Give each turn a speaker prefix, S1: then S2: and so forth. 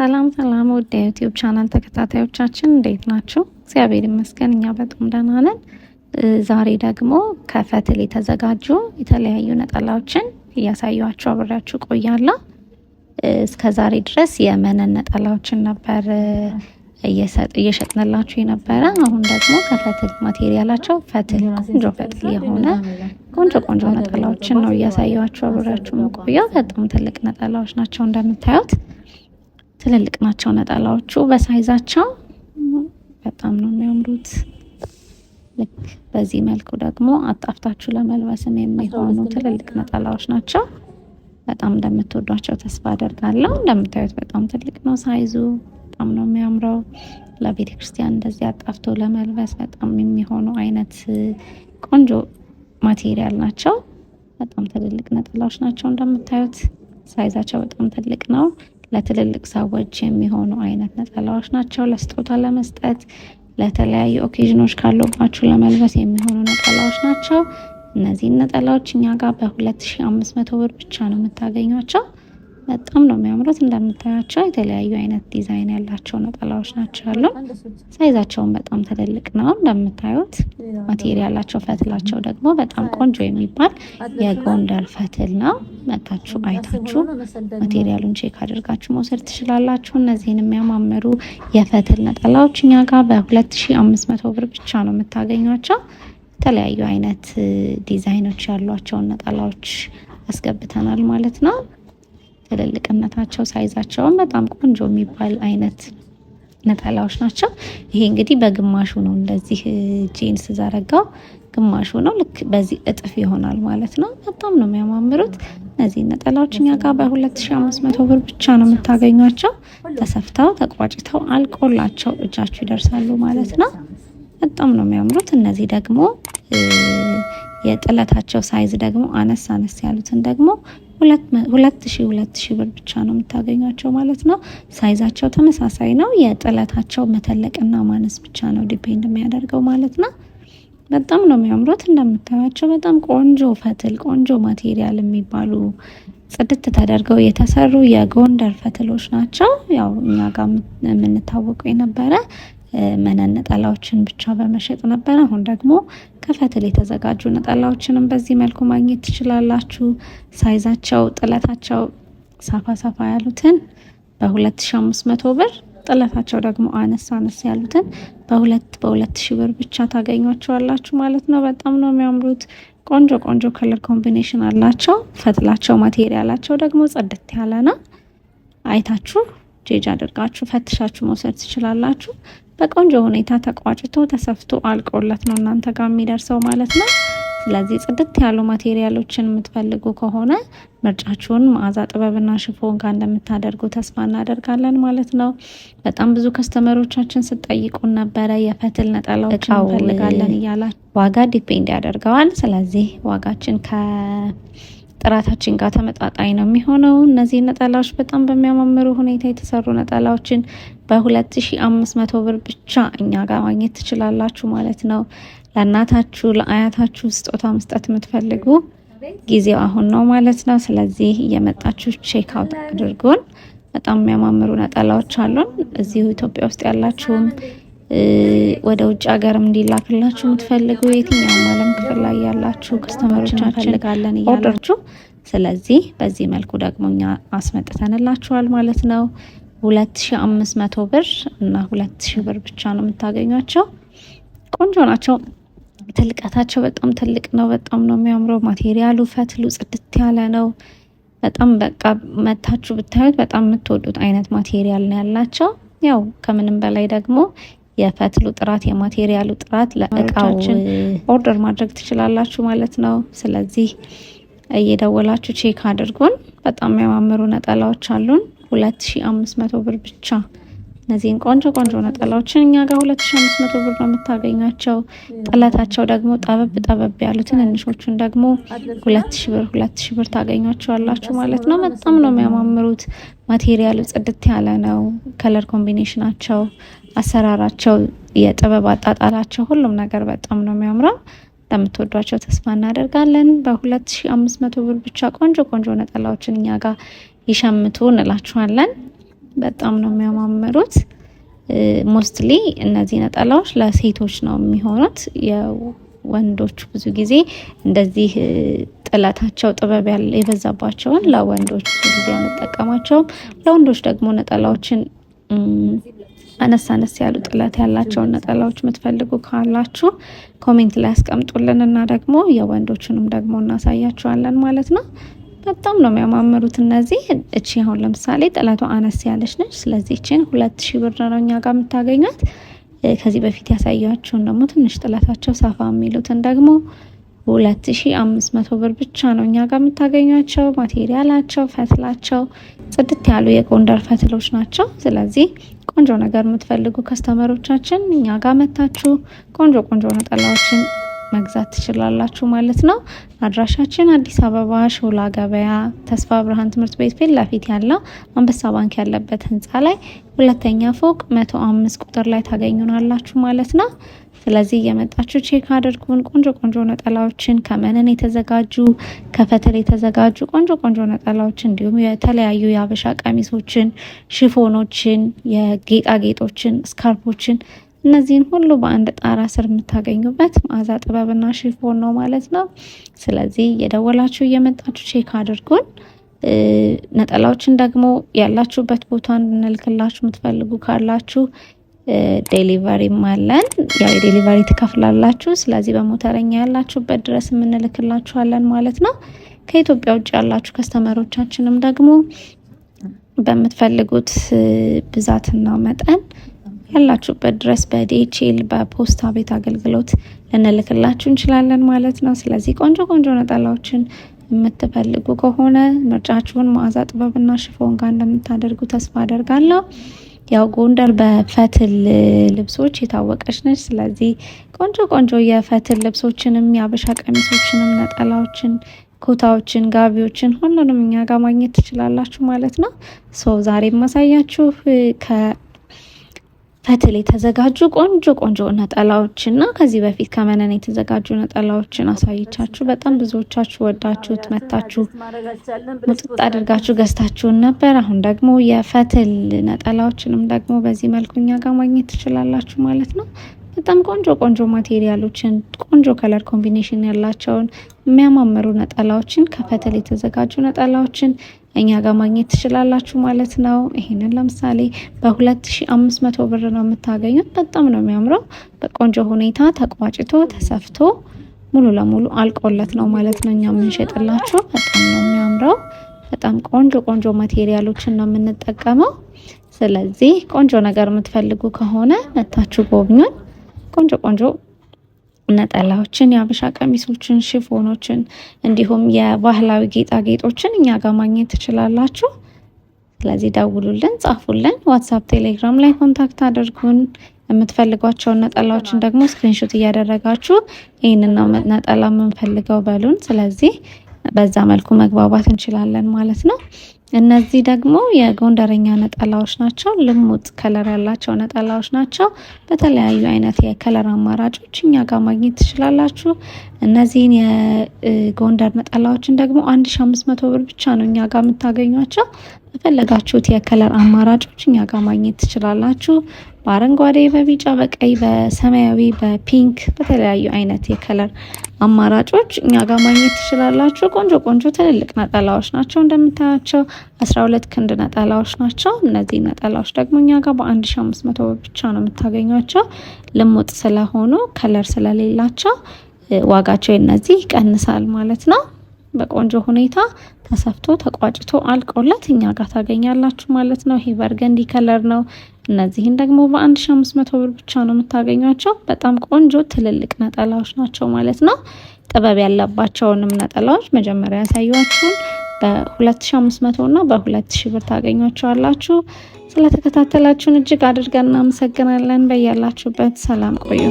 S1: ሰላም ሰላም ውድ የዩቲዩብ ቻናል ተከታታዮቻችን እንዴት ናችሁ? እግዚአብሔር ይመስገን እኛ በጣም ደህና ነን። ዛሬ ደግሞ ከፈትል የተዘጋጁ የተለያዩ ነጠላዎችን እያሳያችሁ አብሬያችሁ ቆያለሁ። እስከ ዛሬ ድረስ የመነን ነጠላዎችን ነበር እየሸጥንላችሁ የነበረ። አሁን ደግሞ ከፈትል ማቴሪያላቸው ፈትል ቆንጆ ፈትል የሆነ ቆንጆ ቆንጆ ነጠላዎችን ነው እያሳየኋችሁ አብሬያችሁ መቆያ። በጣም ትልቅ ነጠላዎች ናቸው እንደምታዩት ትልልቅ ናቸው ነጠላዎቹ በሳይዛቸው በጣም ነው የሚያምሩት። ልክ በዚህ መልኩ ደግሞ አጣፍታችሁ ለመልበስም የሚሆኑ ትልልቅ ነጠላዎች ናቸው። በጣም እንደምትወዷቸው ተስፋ አደርጋለሁ። እንደምታዩት በጣም ትልቅ ነው ሳይዙ፣ በጣም ነው የሚያምረው። ለቤተ ክርስቲያን እንደዚህ አጣፍቶ ለመልበስ በጣም የሚሆኑ አይነት ቆንጆ ማቴሪያል ናቸው። በጣም ትልልቅ ነጠላዎች ናቸው። እንደምታዩት ሳይዛቸው በጣም ትልቅ ነው። ለትልልቅ ሰዎች የሚሆኑ አይነት ነጠላዎች ናቸው። ለስጦታ ለመስጠት ለተለያዩ ኦኬዥኖች ካሉባችሁ ለመልበስ የሚሆኑ ነጠላዎች ናቸው። እነዚህን ነጠላዎች እኛ ጋር በ2500 ብር ብቻ ነው የምታገኟቸው። በጣም ነው የሚያምሩት። እንደምታያቸው የተለያዩ አይነት ዲዛይን ያላቸው ነጠላዎች ናቸው ያሉ። ሳይዛቸውን በጣም ትልልቅ ነው እንደምታዩት። ማቴሪያላቸው ፈትላቸው ደግሞ በጣም ቆንጆ የሚባል የጎንደር ፈትል ነው። መታችሁ አይታችሁ ማቴሪያሉን ቼክ አድርጋችሁ መውሰድ ትችላላችሁ። እነዚህን የሚያማምሩ የፈትል ነጠላዎች እኛ ጋር በ2500 ብር ብቻ ነው የምታገኟቸው። የተለያዩ አይነት ዲዛይኖች ያሏቸውን ነጠላዎች አስገብተናል ማለት ነው። ትልልቅነታቸው ሳይዛቸውን በጣም ቆንጆ የሚባል አይነት ነጠላዎች ናቸው። ይሄ እንግዲህ በግማሹ ነው እንደዚህ ጂንስ ዘረጋው ግማሹ ነው። ልክ በዚህ እጥፍ ይሆናል ማለት ነው። በጣም ነው የሚያማምሩት እነዚህ ነጠላዎች እኛ ጋር በ2500 ብር ብቻ ነው የምታገኟቸው። ተሰፍተው ተቋጭተው አልቆላቸው እጃችሁ ይደርሳሉ ማለት ነው። በጣም ነው የሚያምሩት። እነዚህ ደግሞ የጥለታቸው ሳይዝ ደግሞ አነስ አነስ ያሉትን ደግሞ ሁለት ሺ ሁለት ሺ ብር ብቻ ነው የምታገኟቸው ማለት ነው። ሳይዛቸው ተመሳሳይ ነው። የጥለታቸው መተለቅና ማነስ ብቻ ነው ዲፔንድ የሚያደርገው ማለት ነው። በጣም ነው የሚያምሩት እንደምታያቸው፣ በጣም ቆንጆ ፈትል ቆንጆ ማቴሪያል የሚባሉ ጽድት ተደርገው የተሰሩ የጎንደር ፈትሎች ናቸው። ያው እኛ ጋር የምንታወቀው የነበረ መነን ነጠላዎችን ብቻ በመሸጥ ነበር። አሁን ደግሞ ከፈትል የተዘጋጁ ነጠላዎችንም በዚህ መልኩ ማግኘት ትችላላችሁ። ሳይዛቸው ጥለታቸው ሳፋ ሳፋ ያሉትን በ2500 ብር ጥለታቸው ደግሞ አነስ አነስ ያሉትን በሁለት በሁለት ሺ ብር ብቻ ታገኟቸዋላችሁ ማለት ነው። በጣም ነው የሚያምሩት። ቆንጆ ቆንጆ ከለር ኮምቢኔሽን አላቸው። ፈትላቸው ማቴሪያላቸው ደግሞ ጽድት ያለ ነው። አይታችሁ ጄጅ አድርጋችሁ ፈትሻችሁ መውሰድ ትችላላችሁ። በቆንጆ ሁኔታ ተቋጭቶ ተሰፍቶ አልቆለት ነው እናንተ ጋር የሚደርሰው ማለት ነው። ስለዚህ ጽድት ያሉ ማቴሪያሎችን የምትፈልጉ ከሆነ ምርጫችሁን መዓዛ ጥበብና ሽፎን ጋር እንደምታደርጉ ተስፋ እናደርጋለን ማለት ነው። በጣም ብዙ ከስተመሮቻችን ስጠይቁን ነበረ የፈትል ነጠላዎች እንፈልጋለን እያላችሁ። ዋጋ ዲፔንድ ያደርገዋል። ስለዚህ ዋጋችን ከ ጥራታችን ጋር ተመጣጣኝ ነው የሚሆነው። እነዚህ ነጠላዎች በጣም በሚያማምሩ ሁኔታ የተሰሩ ነጠላዎችን በ2500 ብር ብቻ እኛ ጋር ማግኘት ትችላላችሁ ማለት ነው። ለእናታችሁ ለአያታችሁ ስጦታ መስጠት የምትፈልጉ ጊዜው አሁን ነው ማለት ነው። ስለዚህ እየመጣችሁ ቼክ አውት አድርጉን። በጣም የሚያማምሩ ነጠላዎች አሉን። እዚሁ ኢትዮጵያ ውስጥ ያላችሁም ወደ ውጭ ሀገርም እንዲላክላችሁ የምትፈልጉ የትኛውም ዓለም ክፍል ላይ ያላችሁ ከስተመሮች እንፈልጋለን እያላችሁ ስለዚህ በዚህ መልኩ ደግሞ እኛ አስመጥተንላችኋል ማለት ነው። መቶ ብር እና 2000 ብር ብቻ ነው የምታገኟቸው። ቆንጆ ናቸው። ትልቀታቸው በጣም ትልቅ ነው። በጣም ነው የሚያምረው። ማቴሪያሉ ፈትሉ ጽድት ያለ ነው። በጣም በቃ መታችሁ ብታዩት በጣም የምትወዱት አይነት ማቴሪያል ነው ያላቸው። ያው ከምንም በላይ ደግሞ የፈትሉ ጥራት፣ የማቴሪያሉ ጥራት ለእቃዎችን ኦርደር ማድረግ ትችላላችሁ ማለት ነው። ስለዚህ እየደወላችሁ ቼክ አድርጉን። በጣም የሚያማምሩ ነጠላዎች አሉን። ሁለት ሺ አምስት መቶ ብር ብቻ እነዚህን ቆንጆ ቆንጆ ነጠላዎችን እኛ ጋር መቶ ብር ነው የምታገኛቸው። ጥለታቸው ደግሞ ጠበብ ጠበብ ያሉ ትንንሾቹን ደግሞ ሺ ብር ሺ ብር ታገኟቸዋላችሁ ማለት ነው። በጣም ነው የሚያማምሩት። ማቴሪያሉ ጽድት ያለ ነው። ከለር ኮምቢኔሽናቸው፣ አሰራራቸው፣ የጥበብ አጣጣላቸው ሁሉም ነገር በጣም ነው የሚያምረው። እንደምትወዷቸው ተስፋ እናደርጋለን አምስት መቶ ብር ብቻ ቆንጆ ቆንጆ ነጠላዎችን እኛ ጋር ይሸምቱ እንላችኋለን። በጣም ነው የሚያማምሩት። ሞስትሊ እነዚህ ነጠላዎች ለሴቶች ነው የሚሆኑት። የወንዶች ብዙ ጊዜ እንደዚህ ጥለታቸው ጥበብ የበዛባቸውን ለወንዶች ብዙ ጊዜ አንጠቀማቸውም። ለወንዶች ደግሞ ነጠላዎችን አነስ አነስ ያሉ ጥለት ያላቸውን ነጠላዎች የምትፈልጉ ካላችሁ ኮሜንት ላይ ያስቀምጡልን እና ደግሞ የወንዶቹንም ደግሞ እናሳያችኋለን ማለት ነው። በጣም ነው የሚያማምሩት እነዚህ። እቺ አሁን ለምሳሌ ጥለቷ አነስ ያለች ነች። ስለዚህ እችን ሁለት ሺ ብር ነው እኛ ጋር የምታገኛት። ከዚህ በፊት ያሳያችሁን ደግሞ ትንሽ ጥለታቸው ሰፋ የሚሉትን ደግሞ ሁለት ሺ አምስት መቶ ብር ብቻ ነው እኛ ጋር የምታገኟቸው። ማቴሪያላቸው፣ ፈትላቸው ጽድት ያሉ የጎንደር ፈትሎች ናቸው። ስለዚህ ቆንጆ ነገር የምትፈልጉ ከስተመሮቻችን እኛ ጋር መታችሁ ቆንጆ ቆንጆ ነጠላዎችን መግዛት ትችላላችሁ ማለት ነው። አድራሻችን አዲስ አበባ ሾላ ገበያ ተስፋ ብርሃን ትምህርት ቤት ፊት ለፊት ያለው አንበሳ ባንክ ያለበት ህንፃ ላይ ሁለተኛ ፎቅ መቶ አምስት ቁጥር ላይ ታገኙናላችሁ ማለት ነው። ስለዚህ እየመጣችሁ ቼክ አድርጉን። ቆንጆ ቆንጆ ነጠላዎችን ከመነን የተዘጋጁ ከፈትል የተዘጋጁ ቆንጆ ቆንጆ ነጠላዎችን እንዲሁም የተለያዩ የአበሻ ቀሚሶችን፣ ሽፎኖችን፣ የጌጣጌጦችን፣ ስካርፖችን እነዚህን ሁሉ በአንድ ጣራ ስር የምታገኙበት መዓዛ ጥበብና ሽፎን ነው ማለት ነው። ስለዚህ የደወላችሁ እየመጣችሁ ቼክ አድርጉን። ነጠላዎችን ደግሞ ያላችሁበት ቦታ እንድንልክላችሁ የምትፈልጉ ካላችሁ ዴሊቨሪም አለን። ያው የዴሊቨሪ ትከፍላላችሁ። ስለዚህ በሞተረኛ ያላችሁበት ድረስ የምንልክላችኋለን ማለት ነው። ከኢትዮጵያ ውጭ ያላችሁ ከስተመሮቻችንም ደግሞ በምትፈልጉት ብዛትና መጠን ያላችሁበት ድረስ በዲኤችኤል በፖስታ ቤት አገልግሎት ልንልክላችሁ እንችላለን ማለት ነው። ስለዚህ ቆንጆ ቆንጆ ነጠላዎችን የምትፈልጉ ከሆነ ምርጫችሁን መዓዛ ጥበብና ሽፎን ጋር እንደምታደርጉ ተስፋ አደርጋለሁ። ያው ጎንደር በፈትል ልብሶች የታወቀች ነች። ስለዚህ ቆንጆ ቆንጆ የፈትል ልብሶችንም የአበሻ ቀሚሶችንም፣ ነጠላዎችን፣ ኩታዎችን፣ ጋቢዎችን ሁሉንም እኛ ጋር ማግኘት ትችላላችሁ ማለት ነው። ሶ ዛሬ ማሳያችሁ ከ ፈትል የተዘጋጁ ቆንጆ ቆንጆ እና ከዚህ በፊት ከመነን የተዘጋጁ ነጠላዎችን አሳይቻችሁ በጣም ብዙዎቻችሁ ወዳችሁት መታችሁ ሙጥጥ አድርጋችሁ ገዝታችሁን ነበር። አሁን ደግሞ የፈትል ነጠላዎችንም ደግሞ በዚህ መልኩ እኛ ጋር ማግኘት ትችላላችሁ ማለት ነው። በጣም ቆንጆ ቆንጆ ማቴሪያሎችን ቆንጆ ከለር ኮምቢኔሽን ያላቸውን የሚያማምሩ ነጠላዎችን ከፈትል የተዘጋጁ ነጠላዎችን እኛ ጋር ማግኘት ትችላላችሁ ማለት ነው። ይሄንን ለምሳሌ በ2500 ብር ነው የምታገኙት። በጣም ነው የሚያምረው። በቆንጆ ሁኔታ ተቋጭቶ ተሰፍቶ ሙሉ ለሙሉ አልቆለት ነው ማለት ነው እኛ የምንሸጥላችሁ። በጣም ነው የሚያምረው። በጣም ቆንጆ ቆንጆ ማቴሪያሎችን ነው የምንጠቀመው። ስለዚህ ቆንጆ ነገር የምትፈልጉ ከሆነ መታችሁ ጎብኙን። ቆንጆ ቆንጆ ነጠላዎችን፣ የአበሻ ቀሚሶችን፣ ሽፎኖችን እንዲሁም የባህላዊ ጌጣጌጦችን እኛ ጋር ማግኘት ትችላላችሁ። ስለዚህ ደውሉልን፣ ጻፉልን። ዋትሳፕ፣ ቴሌግራም ላይ ኮንታክት አድርጉን። የምትፈልጓቸውን ነጠላዎችን ደግሞ ስክሪንሾት እያደረጋችሁ ይህንን ነው ነጠላ የምንፈልገው በሉን። ስለዚህ በዛ መልኩ መግባባት እንችላለን ማለት ነው። እነዚህ ደግሞ የጎንደረኛ ነጠላዎች ናቸው። ልሙጥ ከለር ያላቸው ነጠላዎች ናቸው። በተለያዩ አይነት የከለር አማራጮች እኛ ጋር ማግኘት ትችላላችሁ። እነዚህን የጎንደር ነጠላዎችን ደግሞ አንድ ሺ5ምስት መቶ ብር ብቻ ነው እኛ ጋር የምታገኟቸው። በፈለጋችሁት የከለር አማራጮች እኛ ጋር ማግኘት ትችላላችሁ። በአረንጓዴ፣ በቢጫ፣ በቀይ፣ በሰማያዊ፣ በፒንክ በተለያዩ አይነት የከለር አማራጮች እኛ ጋር ማግኘት ትችላላችሁ። ቆንጆ ቆንጆ ትልልቅ ነጠላዎች ናቸው እንደምታያቸው 12 ክንድ ነጠላዎች ናቸው። እነዚህ ነጠላዎች ደግሞ እኛ ጋር በ መቶ ብር ብቻ ነው የምታገኟቸው። ልሙጥ ስለሆኑ ከለር ስለሌላቸው ዋጋቸው እነዚህ ይቀንሳል ማለት ነው። በቆንጆ ሁኔታ ተሰፍቶ ተቋጭቶ አልቆለት እኛ ጋር ታገኛላችሁ ማለት ነው። ይሄ በርገንዲ ከለር ነው። እነዚህን ደግሞ በ1500 ብር ብቻ ነው የምታገኟቸው። በጣም ቆንጆ ትልልቅ ነጠላዎች ናቸው ማለት ነው። ጥበብ ያለባቸውንም ነጠላዎች መጀመሪያ ያሳያችሁን በ2500 እና በ2000 ብር ታገኟቸዋላችሁ። ስለተከታተላችሁን እጅግ አድርገን እናመሰግናለን። በያላችሁበት ሰላም ቆዩ።